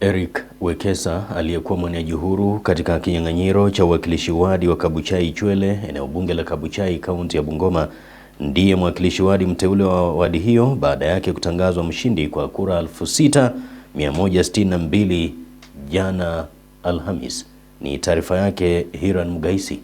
Eric Wekesa aliyekuwa mwenyeji huru katika kinyang'anyiro cha uwakilishi wadi wa Kabuchai Chwele, eneo bunge la Kabuchai, kaunti ya Bungoma, ndiye mwakilishi wadi mteule wa wadi hiyo baada yake kutangazwa mshindi kwa kura 6162 jana Alhamis. Ni taarifa yake Hiran mgaisi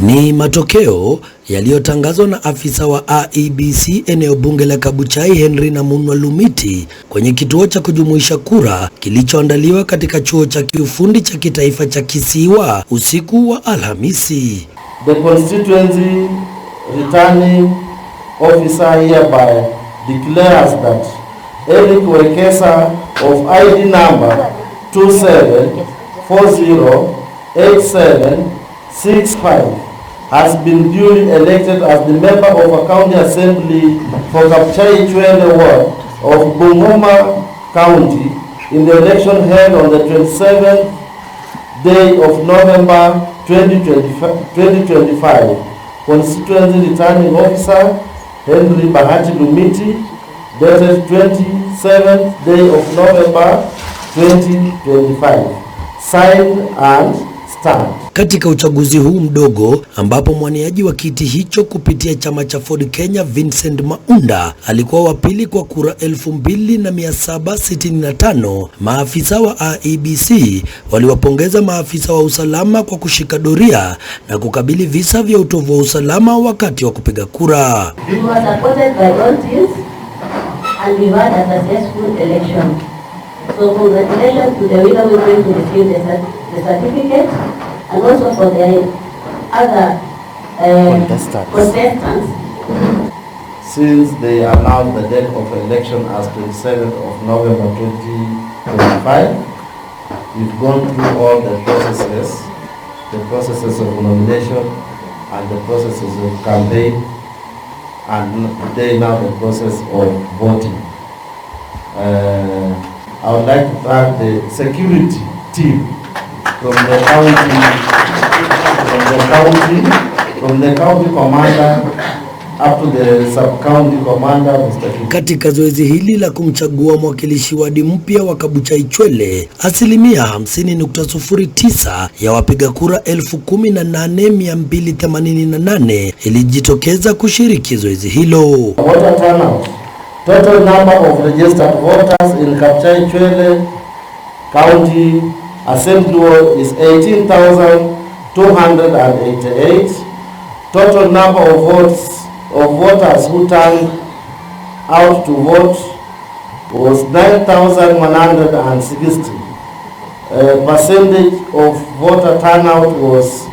ni matokeo yaliyotangazwa na afisa wa IEBC eneo bunge la Kabuchai Henry Namunwa Lumiti kwenye kituo cha kujumuisha kura kilichoandaliwa katika chuo cha kiufundi cha kitaifa cha Kisiwa usiku wa Alhamisi. The constituency returning officer hereby declares that Eric Wekesa of ID number 2740 8765 has been duly elected as the member of a county assembly for Kapchai Chwele Ward of Bungoma County in the election held on the 27th day of November 2025, constituency returning officer Henry Bahati Lumiti, dated 27th day of November 2025. Signed and Katika uchaguzi huu mdogo ambapo mwaniaji wa kiti hicho kupitia chama cha Ford Kenya Vincent Maunda alikuwa wa pili kwa kura 2765, maafisa wa IEBC waliwapongeza maafisa wa usalama kwa kushika doria na kukabili visa vya utovu wa usalama wakati wa kupiga kura. We were supported by volunteers and we had a successful election. So congratulations to the winner women who received the, the certificate and also for the other uh, contestants. contestants. Since they announced the date of election as 27th of November 2025, we've gone through all the processes, the processes of nomination and the processes of campaign and they now the process of voting. Uh, I would like to thank the security team from the county, from the county, from the county commander up to the sub-county commander, katika zoezi hili la kumchagua mwakilishi wadi mpya wa Kabuchai Ichwele, asilimia 50.09 ya wapiga kura 18288 ilijitokeza kushiriki zoezi hilo. Total number of registered voters in Kabuchai-Chwele County Assembly is 18,288. Total number of votes of voters who turned out to vote was 9,160. Uh, percentage of voter turnout was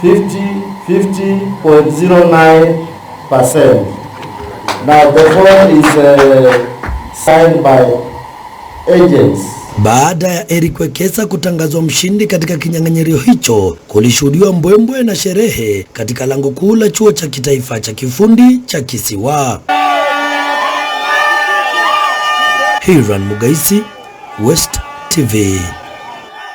50.09 percent. Now the form is uh, signed by agents. Baada ya Eric Wekesa kutangazwa mshindi katika kinyang'anyiro hicho, kulishuhudiwa mbwembwe na sherehe katika lango kuu la chuo cha kitaifa cha kifundi cha Kisiwa. Hiran Mugaisi, West TV.